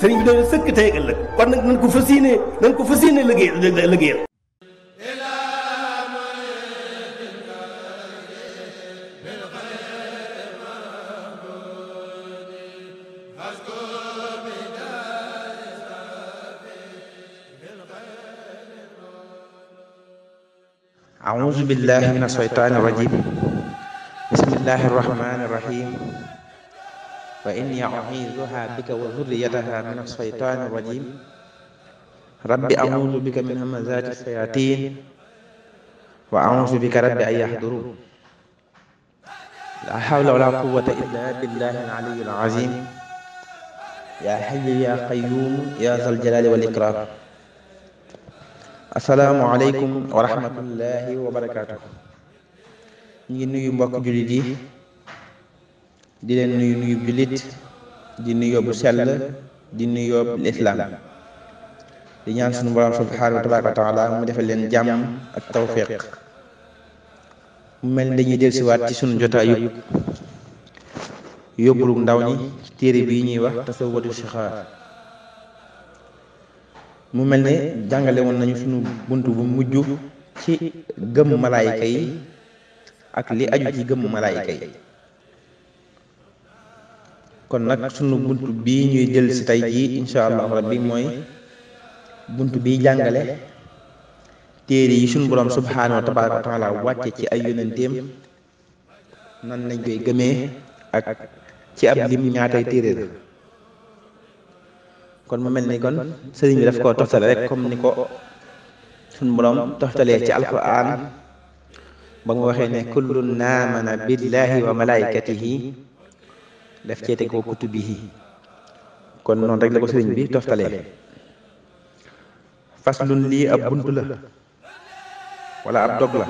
sëriñ bi doon sëkk tey ëllëg kon nag nañ ko fas yéene nañ ko fas yéene liggéey liggéeyal أعوذ بالله من الشيطان الرجيم بسم الله الرحمن الرحيم wa inni u'iizuha bika wa zurriyataha min ash-shaytaani rajiim rabbi a'uuzu bika min hamazaati shayaatiin wa a'uuzu bika rabbi an yahduruun laa hawla wa laa quwwata illaa billahi al-'aliyyi al-'aziim yaa hayyu yaa qayyuum yaa zal jalaali wal ikraam asalaamu aleykum wa rahmatullahi wa barakaatuh ñu ngi nuyu mbokk jullit yi di leen nuyu nuyub jullit di nuyoo bu sell di nuyoo bu lislaam di ñaan suñu borom subhaanahu wa tabaaraka wa taala mu defal leen jàmm ak tawfiq mu mel ni dañuy dellusiwaat ci suñu jotaayu yóbbalu ndaw ñi ci téere bii ñuy wax tasawwudu sixaar mu mel ni jàngale woon nañu suñu bunt bu mujj ci gëm malaayka yi ak li aju ci gëm malaayka yi kon nag sunu bunt bi ñuy jël si tey jii incha allahu rabbi mooy bunt bi jàngale téere yi sunu borom subhaanahu wa wàcce ci ay yonenteem nan lañ koy gëmee ak ci ab lim ñaatay téere la kon mu mel ni kon sëriñ bi daf koo toftale rek comme ni ko sunu borom toftalee ci alquran ba mu waxee ne kullun naamana billahi wa malaikatihi daf cee teg wa kutubihi kon noonu rek la ko sëriñ bi toftalee faslun lii ab bunt la wala ab dog la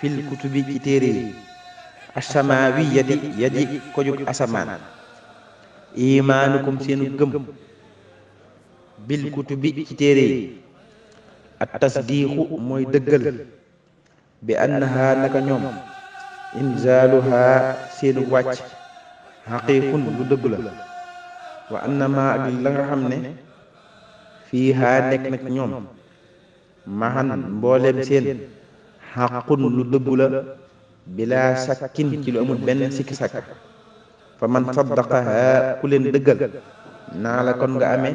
fil kutubi ci téere yi asamaawiyati ya ji ko jug asamaan imaanukum seenu gëm bil kutubi ci téere yi at tasdiixu mooy dëggal bi annaha naka ñoom inzaaluha seenu wàcc xaqiiqun lu dëggu la wa annama ak la nga xam ne fii haa nekk na ci ñoom maxan mbooleem seen xaqun lu dëggu la bilaa sakkin ci lu amul benn sikki sakk fa man saddaqaha ku leen dëggal naa la kon nga amee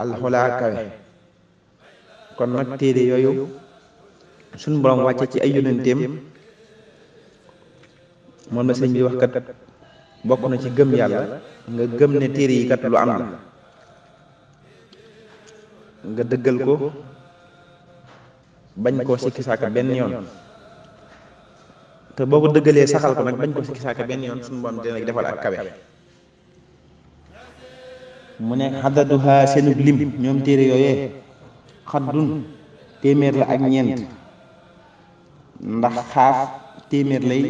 alxulaa kawe kon nag téere yooyu suñ borom wàcce ci ay yonenteem moom la bi wax kat bokk na ci gëm yàlla nga gëm ne téere yi kat lu am la nga dëggal ko bañ koo sikki saaka benn yoon te boo ko dëggalee saxal ko nag bañ ko sikki saaka benn yoon suñu boom dina defal ak kawe mu ne xaddaduha seenug lim ñoom téere yooyee xaddun téeméer la ak ñeent ndax xaaf téeméer lay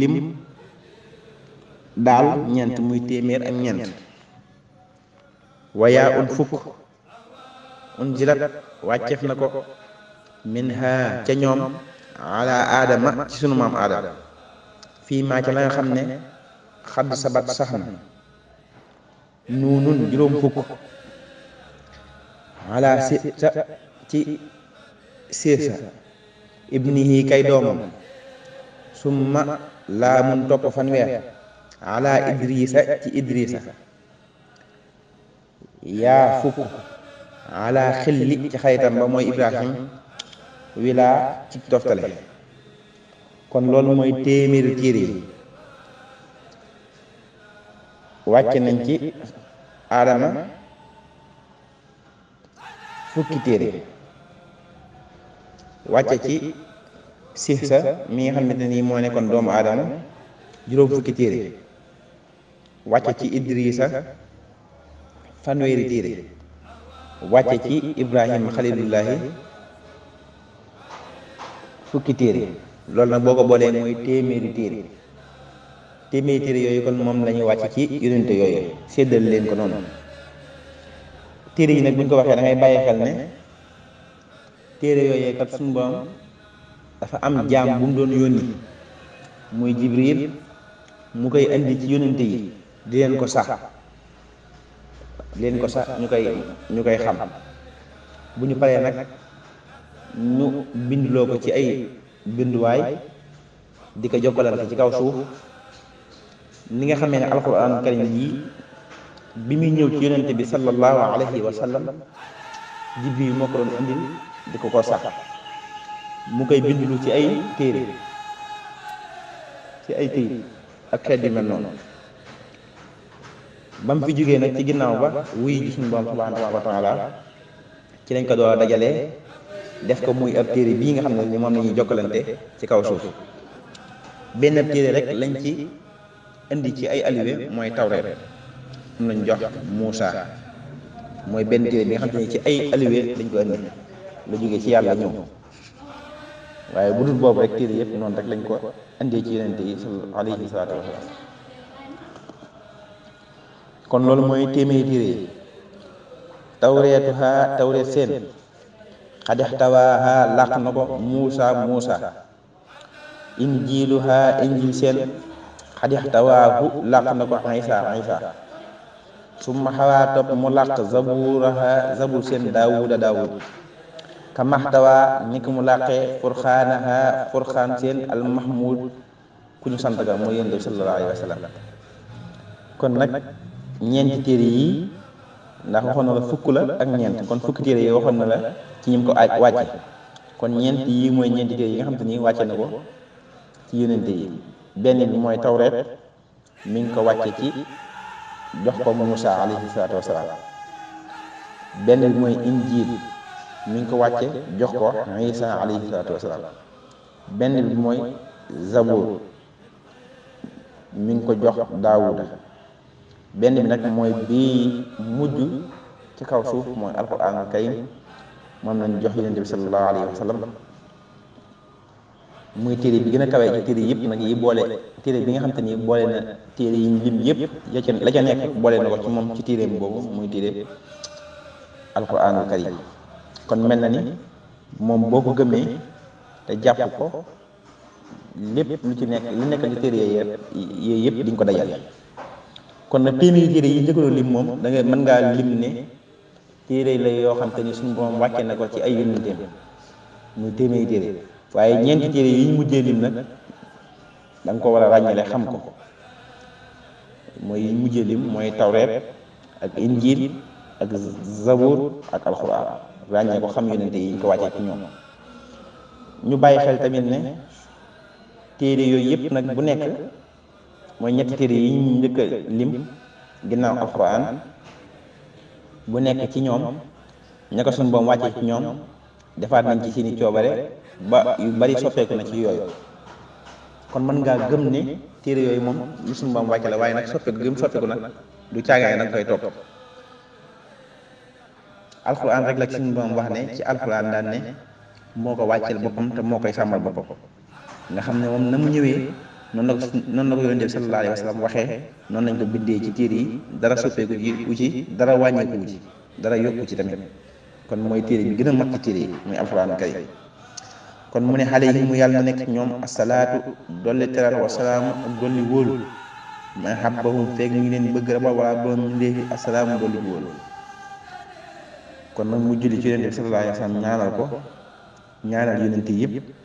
lim daal ñeent muy téeméer ak ñeent wayaa un fukk unzilat wàcceef na ko min ha ca ñoom ala aadama ci sunu maam aadama fii maa ca la xam ne xadd sabat sax na nuunun juróom fukk ala sita ibnihi kay doomam summa laamun topp fanweer ala idrisa ci idrisa yaa fukk ala xilli ci xaritam ba mooy ibrahim wilaa ci toftale kon loolu mooy téeméeri téere yi wàcc nañ ci aadama fukki téere wàcce ci six sa mi nga xamante ni moo nekkoon doomu aadama juróom fukki téere wàcce ci Idrissa fanweeri téere wàcc ci Ibrahima xalilullahi fukki téere loolu nag boo ko boolee mooy téeméeri téere téeméeri téere yooyu kon moom la ñuy wàcc ci yonente yooyu séddal leen ko noonu téere yi nag buñ ko waxee dangay ngay bàyyi xel ne téere yooyee kat suñu dafa am jaam bu mu doon yónni muy Jibril mu koy indi ci yonente yi di leen ko sax di leen ko sax ñu koy ñu koy xam bu ñu paree nag ñu bindloo ko ci ay binduwaay di ko jokkalante ci kaw suuf ni nga xamee ne alxuraan karim yi bi muy ñëw ci yonente bi sallallahu alayhi wa sallam Jibril moo ko doon indil di ko ko sax mu koy bindlu ci ay téere ci ay téere ak xeet yu noonu ba mu fi jógee nag ci ginnaaw ba wuy ji suñu borom subhanahu wa taala ci lañ ko door a dajalee def ko muy ab téere bii nga xam ne ni moom nañuy ñuy ci kaw suuf benn téere rek lañ ci indi ci ay aliwe mooy tawreet moom lañ jox Muusa mooy benn téere bi nga xam ne ci ay aliwe lañ ko indi la jógee ci yàlla ñëw waaye bu dul boobu rek téere yëpp noonu rek lañ ko indee ci yonente yi alayhi salaatu wasalaam kon loolu mooy téeméeri téere yi tawreetuha tawreet seen xadextawaaha làq na ko muusa muusa injiluha injil seen xadextawaahu làq na ko isa isa summa xawaa topp mu làq zaburaha zabur seen daawuda daawud kamaxtawaa ni ki mu làqee furxaanaha furxaan seen almahmud ku ñu sant ga mooy yéen de wa sallam kon nag ñeenti téere yi ndax waxoon na la fukk la ak ñeent kon fukki téere yi waxoon na la ci ñim ko aaj wàcce kon ñeent yii mooy ñeenti téere yi nga xam te ni wàcce na ko ci yónente yi benn bi mooy tawreet mi ngi ko wàcce ci jox ko Muusa alayhi salaatu wasalaam benn bi mooy mi ngi ko wàcce jox ko Isa alayhi salaatu wasalaam benn bi mooy zabur mi ngi ko jox Daawuda benn bi nag mooy bii mujj ci kaw suuf mooy alquranul karim moom lañ jox yonent bi sallallahu alayhi wa sallam muy téere bi gën a kawee ci téere yëpp nag yi boole téere bi nga xam te ni boole na téere yi ñu lim yëpp ya ca la ca nekk boole na ko ci moom ci téereem boobu muy téere alquranul karim kon mel na ni moom boo ko gëmee te jàpp ko lépp lu ci nekk lu nekk ci téere yooyu yëpp di ko dajal kon nag téeméeri téere yi njëkkaloo lim moom da mën ngaa lim ne téere la yoo xam te ni suñu borom wàcce na ko ci ay yónnenteem muy téeméeri téere waaye ñeenti téere yi ñu mujjee lim nag da ko war a ràññale xam ko mooy yi mujjee lim mooy tawreet ak injiil ak zabur ràññee ko xam yónnente yi ñu ko wàccee ci ñoom ñu bàyyi xel tamit ne téere yooyu yëpp nag bu nekk mooy ñetti téere yi ñu njëkk a lim ginnaaw alquran bu nekk ci ñoom ña ko suñu boom wàcce ci ñoom defaat nañ ci seeni coobare ba bari soppeeku na ci yooyu kon mën ngaa gëm ne téere yooyu moom lu suñu boom wàcce la waaye nag soppeeku gëm soppeeku nag du caagaay nag koy topp alquran rek la ci suñu boom wax ne ci alquran daan ne moo ko wàcceel boppam te moo koy sàmmal boppam nga xam ne moom na mu ñëwee noonu na noonu la ko yonent bi sallallahu alayhi wa sallam waxee noonu lañ ko bindee ci téere yi dara soppeeku wu ci dara wàññeeku ci dara yokku ci tamit kon mooy téere bi gën a mag ci téere yi muy alxuraan kay kon mu ne xale yi mu yàlla na nekk ñoom asalaatu dolli teral wa salaamu ak dolli wóolu man xabbahum feeg ñu ngi leen bëgg raba wala doon ñu léegi asalaamu dolli wóolu kon nag mu julli ci yonent bi sallallahu alayhi wa sallam ñaanal ko ñaanal yonent yëpp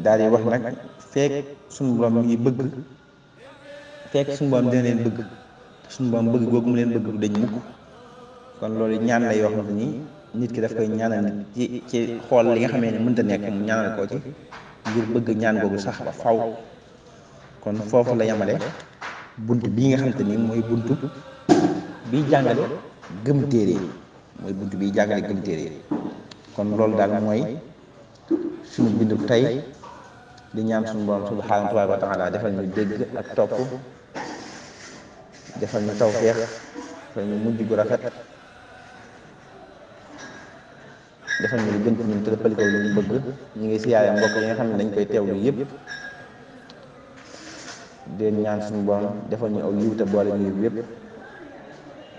daal di wax nag feek suñu borom bëgg feek suñu borom dina leen bëgg suñu borom bëgg googu mu leen bëgg dañ mukk kon loolu ñaan la yoo ni nit ki daf koy ñaanal nit ci ci xool li nga xamee ne mënta nekk mu ñaanal ko ci ngir bëgg ñaan googu sax ba faw kon foofu la yamale bunt bii nga xamante ni mooy bunt biy jàngale gëm téere mooy bunt biy jàngale gëm téere kon loolu daal mooy suñu bindub tey di ñaan suñu borom subhaanahu wa taala defal ñu dégg ak topp defal ñu tawféex defal ñu mujj gu rafet defal ñu lu gën ci te dëppale ko lu ñu bëgg ñu ngi siyaare mbokk yi xam ne dañ koy teewlu yëpp di ñaan suñu borom defal ñu aw yiw te boole ñu yëpp.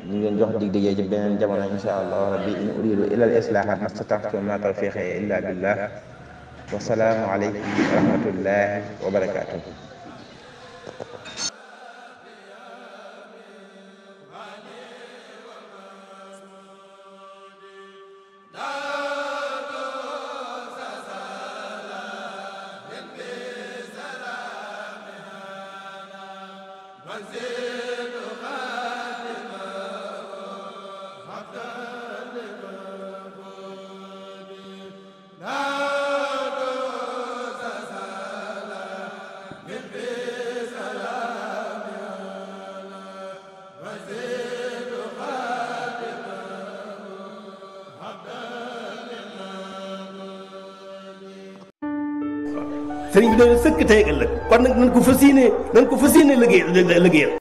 ñu ngi leen jox dig dëggee ci beneen jamono insha allah rabbi in uridu ila al islaha mastata'tu ma tawfiqi illa billah wa salaamu alaykum wa rahmatullahi wa barakatuh sëriñ bi doon sëkk tey ak ëllëg kon nag nañ ko fas yéene nañ ko fas yéene liggéey liggéeyal